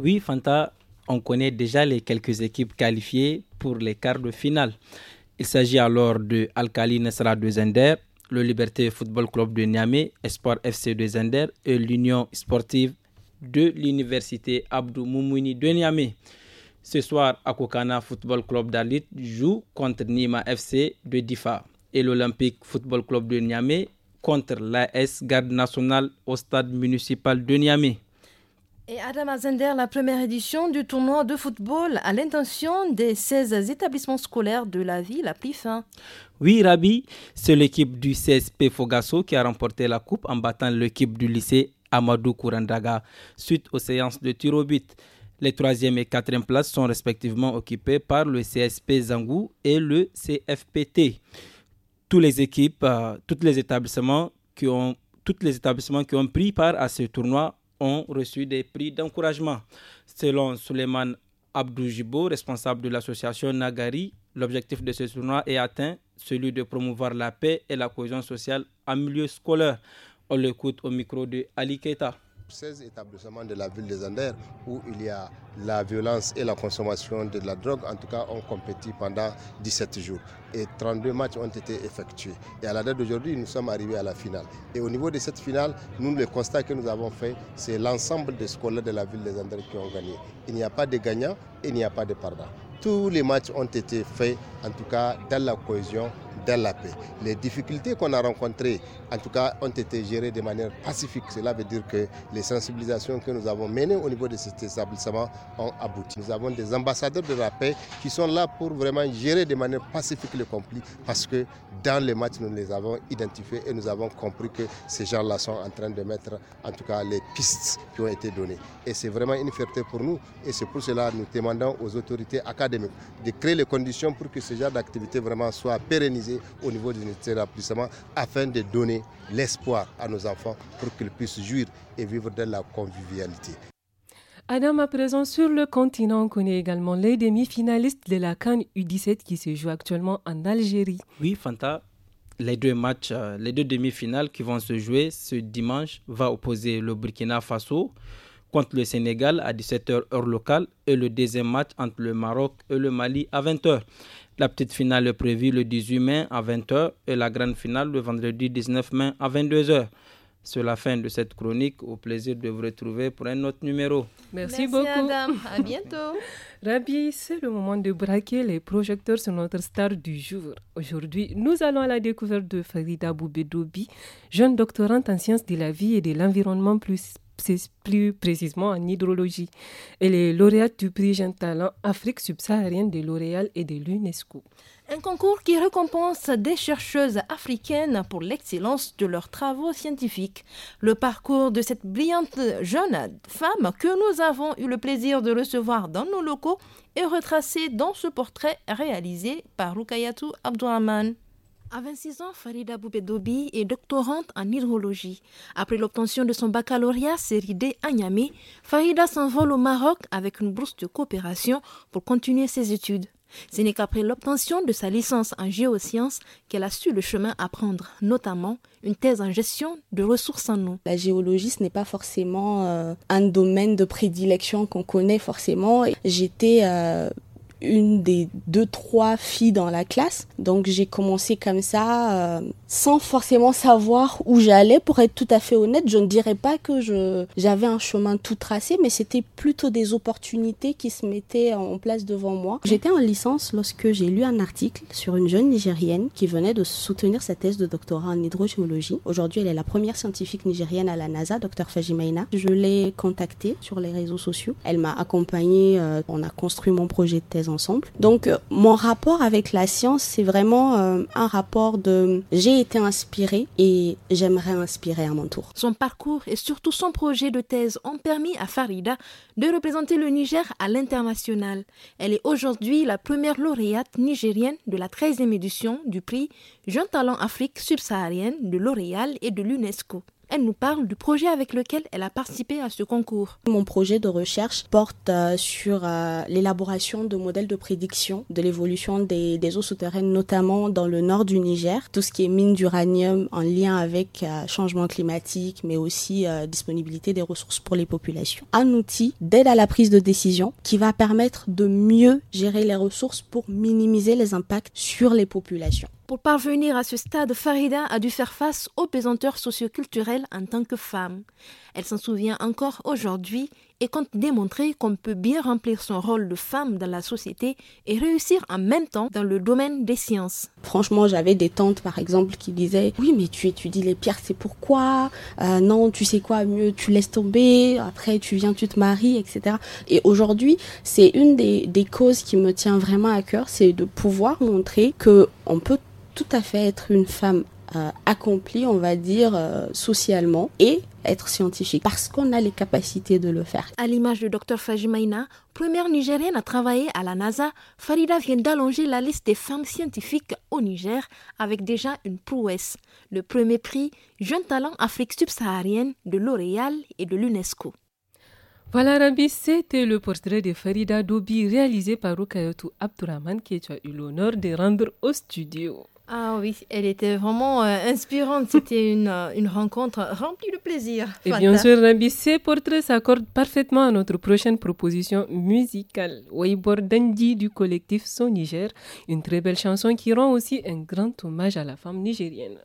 Oui, Fanta, on connaît déjà les quelques équipes qualifiées pour les quarts de finale. Il s'agit alors de Alkali Nesra de Zender, le Liberté Football Club de Niamey, Espoir FC de Zender et l'Union sportive de l'Université Abdou Moumouni de Niamey. Ce soir, Akokana Football Club d'Alit joue contre Nima FC de Difa et l'Olympique Football Club de Niamey contre l'AS Garde Nationale au stade municipal de Niamey. Et Adam Azender, la première édition du tournoi de football à l'intention des 16 établissements scolaires de la ville a pris fin. Oui, Rabi, c'est l'équipe du CSP Fogasso qui a remporté la coupe en battant l'équipe du lycée Amadou Kourandaga suite aux séances de tir au but. Les troisième et 4e places sont respectivement occupées par le CSP Zangou et le CFPT. Euh, toutes les équipes, qui ont, tous les établissements qui ont pris part à ce tournoi ont reçu des prix d'encouragement. Selon Suleiman Abdoujibo, responsable de l'association Nagari, l'objectif de ce tournoi est atteint, celui de promouvoir la paix et la cohésion sociale en milieu scolaire. On l'écoute au micro de Ali 16 établissements de la ville des Anders où il y a la violence et la consommation de la drogue. En tout cas, ont compétit pendant 17 jours et 32 matchs ont été effectués. Et à la date d'aujourd'hui, nous sommes arrivés à la finale. Et au niveau de cette finale, nous, le constat que nous avons fait, c'est l'ensemble des scolaires de la ville des Anders qui ont gagné. Il n'y a pas de gagnant et il n'y a pas de perdants. Tous les matchs ont été faits, en tout cas dans la cohésion dans la paix. Les difficultés qu'on a rencontrées, en tout cas, ont été gérées de manière pacifique. Cela veut dire que les sensibilisations que nous avons menées au niveau de cet établissement ont abouti. Nous avons des ambassadeurs de la paix qui sont là pour vraiment gérer de manière pacifique le conflit parce que dans les matchs, nous les avons identifiés et nous avons compris que ces gens-là sont en train de mettre, en tout cas, les pistes qui ont été données. Et c'est vraiment une fierté pour nous et c'est pour cela que nous demandons aux autorités académiques de créer les conditions pour que ce genre d'activité vraiment soit pérennisée au niveau des unités d'appuissement afin de donner l'espoir à nos enfants pour qu'ils puissent jouir et vivre dans la convivialité. Adam, à présent sur le continent, on connaît également les demi-finalistes de la Cannes U17 qui se joue actuellement en Algérie. Oui, Fanta, les deux matchs, euh, les deux demi-finales qui vont se jouer ce dimanche va opposer le Burkina Faso contre le Sénégal à 17h heure locale et le deuxième match entre le Maroc et le Mali à 20h. La petite finale est prévue le 18 mai à 20h et la grande finale le vendredi 19 mai à 22h. C'est la fin de cette chronique. Au plaisir de vous retrouver pour un autre numéro. Merci, Merci beaucoup. Adam. À bientôt. Rabi, c'est le moment de braquer les projecteurs sur notre star du jour. Aujourd'hui, nous allons à la découverte de Farida Boubedoubi, jeune doctorante en sciences de la vie et de l'environnement, plus plus précisément en hydrologie. Elle est lauréate du prix Jeune Talent Afrique subsaharienne de L'Oréal et de l'UNESCO. Un concours qui récompense des chercheuses africaines pour l'excellence de leurs travaux scientifiques. Le parcours de cette brillante jeune femme que nous avons eu le plaisir de recevoir dans nos locaux est retracé dans ce portrait réalisé par Rukayatu Abdouhaman. À 26 ans, Farida Boubedobi est doctorante en hydrologie. Après l'obtention de son baccalauréat série D à Niamey, Farida s'envole au Maroc avec une bourse de coopération pour continuer ses études. Ce n'est qu'après l'obtention de sa licence en géosciences qu'elle a su le chemin à prendre, notamment une thèse en gestion de ressources en eau. La géologie, ce n'est pas forcément euh, un domaine de prédilection qu'on connaît forcément. J'étais euh, une des deux, trois filles dans la classe. Donc j'ai commencé comme ça, euh, sans forcément savoir où j'allais. Pour être tout à fait honnête, je ne dirais pas que je, j'avais un chemin tout tracé, mais c'était plutôt des opportunités qui se mettaient en place devant moi. J'étais en licence lorsque j'ai lu un article sur une jeune Nigérienne qui venait de soutenir sa thèse de doctorat en hydrogéologie Aujourd'hui, elle est la première scientifique nigérienne à la NASA, Dr Fajimaina. Je l'ai contactée sur les réseaux sociaux. Elle m'a accompagnée, euh, on a construit mon projet de thèse donc euh, mon rapport avec la science, c'est vraiment euh, un rapport de j'ai été inspiré et j'aimerais inspirer à mon tour. Son parcours et surtout son projet de thèse ont permis à Farida de représenter le Niger à l'international. Elle est aujourd'hui la première lauréate nigérienne de la 13e édition du prix jean Talent Afrique subsaharienne de L'Oréal et de l'UNESCO. Elle nous parle du projet avec lequel elle a participé à ce concours. Mon projet de recherche porte euh, sur euh, l'élaboration de modèles de prédiction de l'évolution des, eaux souterraines, notamment dans le nord du Niger. Tout ce qui est mine d'uranium en lien avec euh, changement climatique, mais aussi disponibilité des ressources pour les populations. Un outil d'aide à la prise de décision qui va permettre de mieux gérer les ressources pour minimiser les impacts sur les populations. Pour parvenir à ce stade, Farida a dû faire face aux pesanteurs socioculturelles en tant que femme. Elle s'en souvient encore aujourd'hui et compte démontrer qu'on peut bien remplir son rôle de femme dans la société et réussir en même temps dans le domaine des sciences. Franchement, j'avais des tantes par exemple qui disaient Oui, mais tu étudies les pierres, c'est pourquoi euh, Non, tu sais quoi, mieux tu laisses tomber, après tu viens, tu te maries, etc. Et aujourd'hui, c'est une des, causes qui me tient vraiment à cœur, c'est de pouvoir montrer que on peut tout à fait être une femme euh, accomplie, on va dire, euh, socialement et être scientifique parce qu'on a les capacités de le faire. À l'image de Dr Fajimaina, première nigérienne à travailler à la NASA, Farida vient d'allonger la liste des femmes scientifiques au Niger avec déjà une prouesse, le premier prix Jeune Talent Afrique subsaharienne de L'Oréal et de l'UNESCO. Voilà Rabi, c'était le portrait de Farida Dobi réalisé par Rukayotu Abdurrahman qui tu eu l'honneur de rendre au studio. Ah oui, elle était vraiment euh, inspirante. C'était euh, une, rencontre remplie de plaisir. Et bien sûr, Rabi, ces portraits s'accordent parfaitement à notre prochaine proposition musicale. Wayboard Dendi du collectif Son Niger, une très belle chanson qui rend aussi un grand hommage à la femme nigérienne.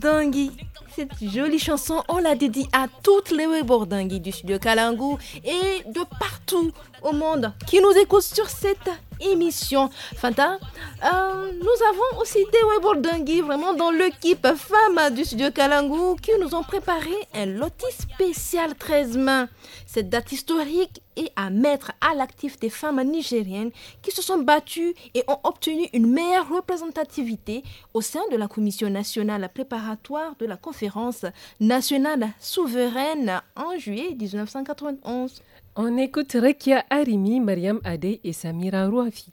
Bordangui. Cette jolie chanson, on la dédie à toutes les Bordangui du studio Kalangu et de partout au monde qui nous écoutent sur cette émission. Fanta, euh, nous avons aussi des Bordangui, vraiment dans l'équipe femme du studio Kalangu, qui nous ont préparé un loti spécial 13 mains. Cette date historique est à mettre à l'actif des femmes nigériennes qui se sont battues et ont obtenu une meilleure représentativité au sein de la Commission nationale préparatoire de la conférence nationale souveraine en juillet 1991. On écoute Rekia Arimi, Mariam Adey et Samira Rouafi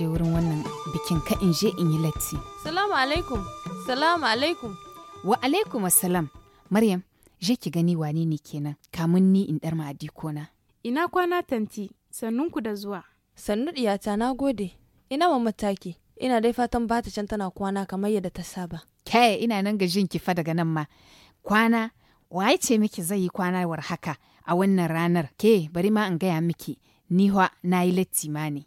je wurin wannan bikin ka in je in yi latti. Salamu alaikum, salamu alaikum. Wa alaikum assalam. Maryam, je ki gani wane ne kenan kamun ni in dar na. Ina kwana tanti, sannunku da zuwa. Sannu ɗiyata na gode. Ina ma mataki, ina dai fatan ba ta can tana kwana kamar yadda ta saba. Kai ina nan ga jin kifa daga nan ma. Kwana, waye ce miki zai yi kwana war haka a wannan ranar? Ke bari ma in gaya miki, ni na yi latti ma ne.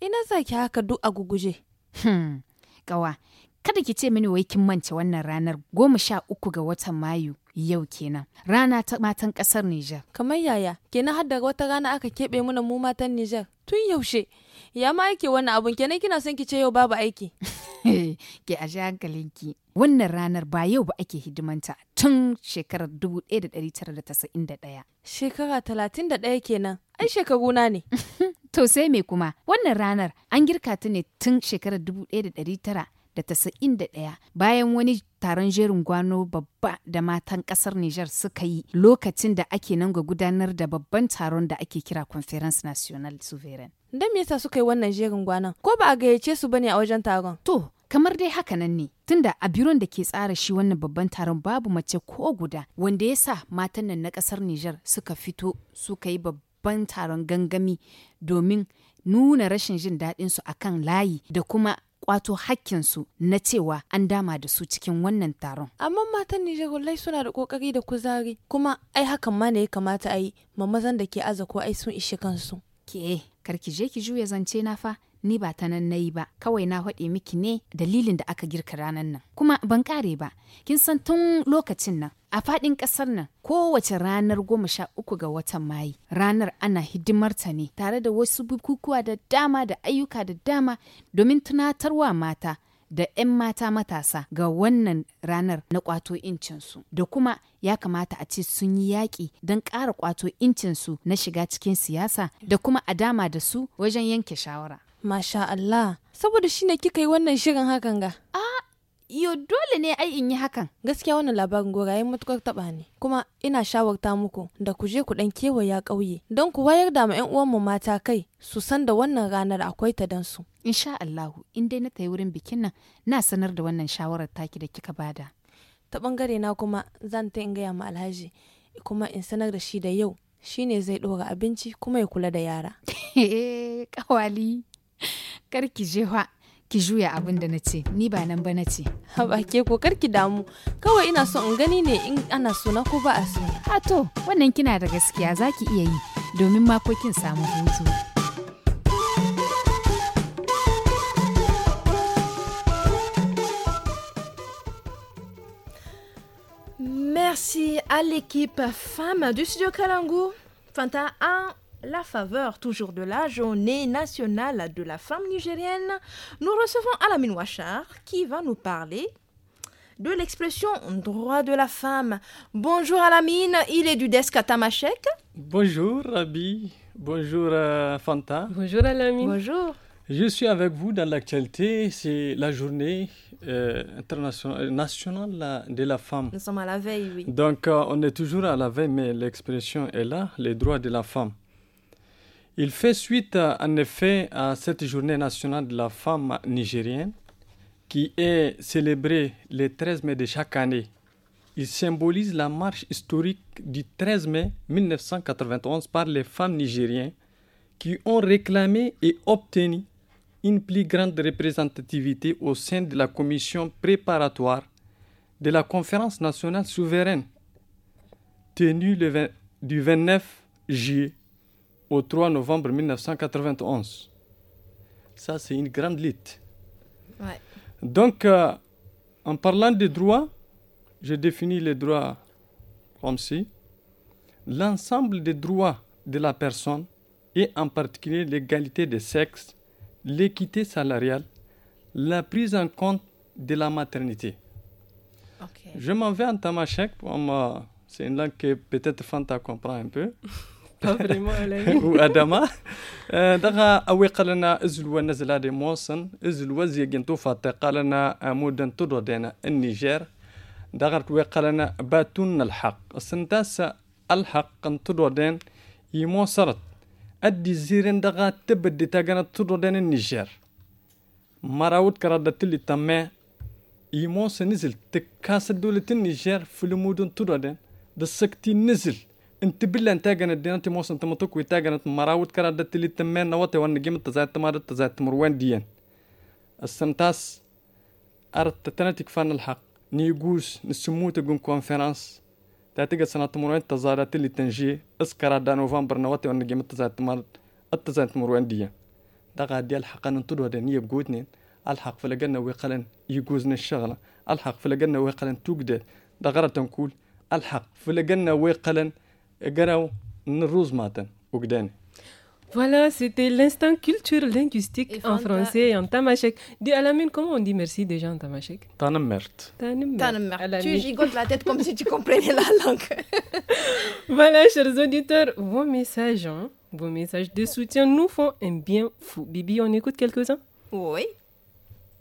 Ina sa ki haka duk a guguje. Hmm, kawa kada ki ce mini wai kin mance wannan ranar goma sha uku ga watan Mayu yau kenan. Rana ta matan ƙasar Nijar. Kamar yaya, kenan har da wata rana aka keɓe mana mu matan Nijar. Tun yaushe, ya ma aiki wannan abun kenan kina son ki ce yau babu aiki. ke a hankalinki. Wannan ranar ba yau ba ake hidimanta tun shekarar 1991. Shekara ɗaya kenan, ai shekaru na ne. To sai me kuma wannan ranar an girka ta ne tun shekarar 1991 bayan wani taron jerin gwano babba da matan kasar Nijar suka yi lokacin da ake nan ga gudanar da babban taron da ake kira Conference National Sovereign. Don me yasa suka yi wannan jerin gwanon? Ko ba a gayyace su bane a wajen taron? To, kamar dai haka nan ne tunda a biron da ke tsara shi wannan babban taron babu mace ko guda wanda yasa matan nan na kasar Nijar suka fito suka yi babban babban taron gangami domin nuna rashin jin daɗinsu a kan layi da kuma kwato hakkinsu na cewa an dama da su cikin wannan taron. Amma matan Nijar wallahi suna da kokari da kuzari kuma ai hakan ma ne ya kamata a yi mazan da ke aza ko ai sun ishe kansu. Ke karki je ki juya zance na fa ni ba ta nan na yi ba kawai na haɗe miki ne dalilin da aka girka ranar nan kuma ban ƙare ba kin san tun lokacin nan a faɗin ƙasar nan kowace ranar goma sha uku ga watan mayu ranar ana hidimar ta ne tare da wasu bukukuwa da dama da ayyuka da dama domin tunatarwa mata da 'yan mata matasa ga wannan ranar na kwato incinsu da kuma ya kamata a ce sun yi yaƙi don ƙara kwato incinsu na shiga cikin siyasa da kuma a dama da su wajen yanke shawara. Masha Allah, saboda shi ne kika yi wannan shirin hakan ga. Ah, yo dole ne ai in yi hakan. Gaskiya wannan labarin goraye matukar taba ne. Kuma ina shawarta muku da ku je ku dan kewaya ƙauye don ku wayar da ma 'yan mu mata kai su san da wannan ranar akwai ta dan su. Insha Allahu, in dai na tayi wurin bikin nan, na sanar da wannan shawarar taki da kika bada. Ta bangare na kuma zan ta in gaya ma Alhaji kuma in sanar da shi da yau shine zai ɗora abinci kuma ya kula da yara. Kawali. kar ki je fa ki juya abin da na ce ni ba nan ba na ce ba ke ko ki damu kawai ina so in gani ne in ana so na ko ba a so a to wannan kina da gaskiya za ki iya yi domin makokin samu hutu Merci à l'équipe femme du studio Kalangu. Fanta 1, la faveur toujours de la journée nationale de la femme nigérienne, nous recevons Alamine Ouachar qui va nous parler de l'expression droit de la femme. Bonjour Alamine, il est du desk à Bonjour Rabi, bonjour euh, Fanta. Bonjour Alamine. Bonjour. Je suis avec vous dans l'actualité, c'est la journée euh, internationale euh, nationale de la femme. Nous sommes à la veille, oui. Donc on est toujours à la veille, mais l'expression est là, les droits de la femme. Il fait suite en effet à cette journée nationale de la femme nigérienne qui est célébrée le 13 mai de chaque année. Il symbolise la marche historique du 13 mai 1991 par les femmes nigériennes qui ont réclamé et obtenu une plus grande représentativité au sein de la commission préparatoire de la conférence nationale souveraine tenue le du 29 juillet au 3 novembre 1991. Ça, c'est une grande lutte. Donc, euh, en parlant des droits, je définis les droits comme si l'ensemble des droits de la personne, et en particulier l'égalité des sexes, l'équité salariale, la prise en compte de la maternité. Je m'en vais en tamashek, c'est une langue que peut-être Fanta comprend un peu. وادما آه، دغا اوي قال لنا ازل نزل هذه موصن ازل كنتو جنتو قال لنا آه، مودا تدو دينا النيجر دغا قال لنا باتون الحق سنتاس الحق تدو دين يموصرت ادي زيرن دغا تبدي تاغنا تدو دين النيجر مراوت كرادت اللي تمه يموس نزل تكاس دولة النيجر في المدن تدو دين دسكتي نزل انت بلا انت جن الدين انت موسى انت متوك ويتا جن انت مراود كرا دت اللي تمان نوات وان جيم تزات ما دت تزات مروان ديان السنتاس ارت تنتك فان الحق نيجوس نسمو تجون كونفرنس تاتيك سنة مروان تزارت اللي تنجي اسكرا دا نوفمبر نوات وان جيم تزات ما تزات مروان ديان دا غادي الحق ان تدو هذا نيب غوتنين الحق فلقنا ويقلن يجوزنا الشغلة الحق فلقنا ويقلن توكدا دا غرا تنقول الحق فلقنا ويقلن voilà, c'était l'instant culture linguistique en français et en tamashek. Dis Alamine, comment on dit merci déjà en tamashek Tanemert. Tanemert. Tu gigotes la tête comme si tu comprenais la langue. voilà, chers auditeurs, vos messages, hein, vos messages de soutien nous font un bien fou. Bibi, on écoute quelques-uns Oui.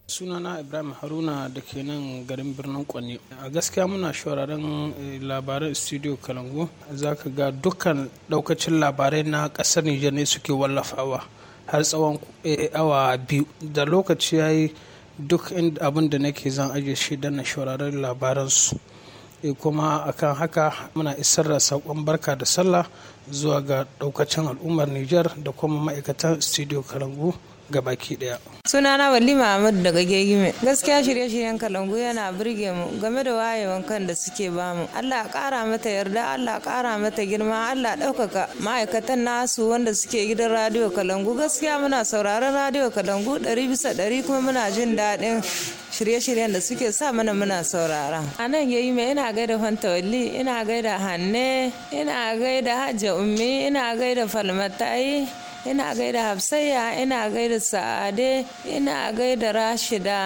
sunana ibrahim haruna da ke nan garin birnin kwanne a gaskiya muna shawararren eh, labaran studio kalangu za ka ga dukkan daukacin labarai na kasar nijar ne suke wallafawa har tsawon eh, awa biyu da lokaci ya yi duk abin da nake zan ajiye shi da na shawararren labaransu eh, kuma akan haka muna isar da saƙon barka da sallah zuwa ga daukacin al'ummar nijar da kuma ma'aikatan studio kalangu gabaki daya. sunana wali ahmad daga gegime gaskiya shirye-shiryen kalangu yana birge mu game da wayewan kan da suke bamu allah kara mata yarda allah kara mata girma allah ɗaukaka ma'aikatan nasu wanda suke gidan radio kalangu gaskiya muna sauraron radio kalangu ɗari bisa ɗari kuma muna jin daɗin shirye-shiryen da suke sa mana muna saurara a nan yayi mai ina gaida wali ina gaida hanne ina gaida hajja ummi ina gaida falmatai ina gaida hafsayya ina gaida sa'ade ina gaida rashida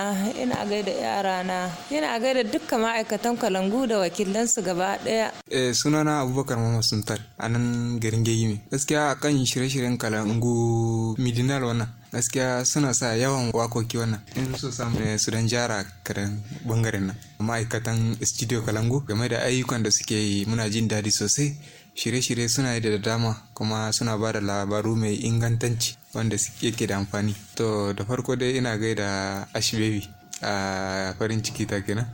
ina gaida yarana ina gaida dukka ma'aikatan kalangu da wakilansu gaba daya eh sunana abubakar Mamman suntar a nan garin gegime gaskiya akan shirye-shiryen kalangu midinal wannan gaskiya suna sa yawan wakoki wannan in so samu eh, su dan jara karen bangaren nan ma'aikatan studio kalangu game da ayyukan da suke yi muna jin daɗi sosai shirye-shirye suna da dama kuma suna ba da labaru mai ingantanci wanda ke da amfani to da farko dai ina gaida ash baby a farin ciki ta kenan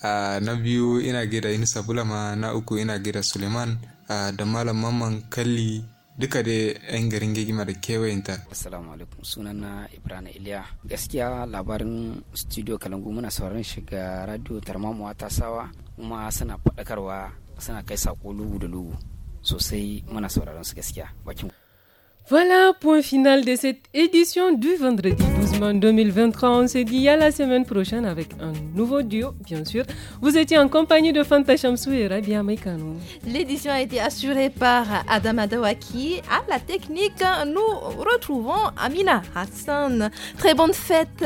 na biyu ina gaida yunusa bulama na uku ina gaida suleiman da malam mamman kalli duka dai 'yan garin gigima da kewayenta. Assalamu alaikum sunana Ibrahim Iliya. Gaskiya labarin studio Kalangu muna sauran shiga radio Tarmamuwa ta sawa kuma suna faɗakarwa Voilà, point final de cette édition du vendredi 12 mai 2023. On se dit à la semaine prochaine avec un nouveau duo, bien sûr. Vous étiez en compagnie de Fanta Chamsou et Rabia Mekano. L'édition a été assurée par Adam Adawaki. À la technique, nous retrouvons Amina Hassan. Très bonne fête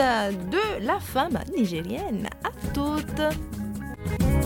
de la femme nigérienne à toutes.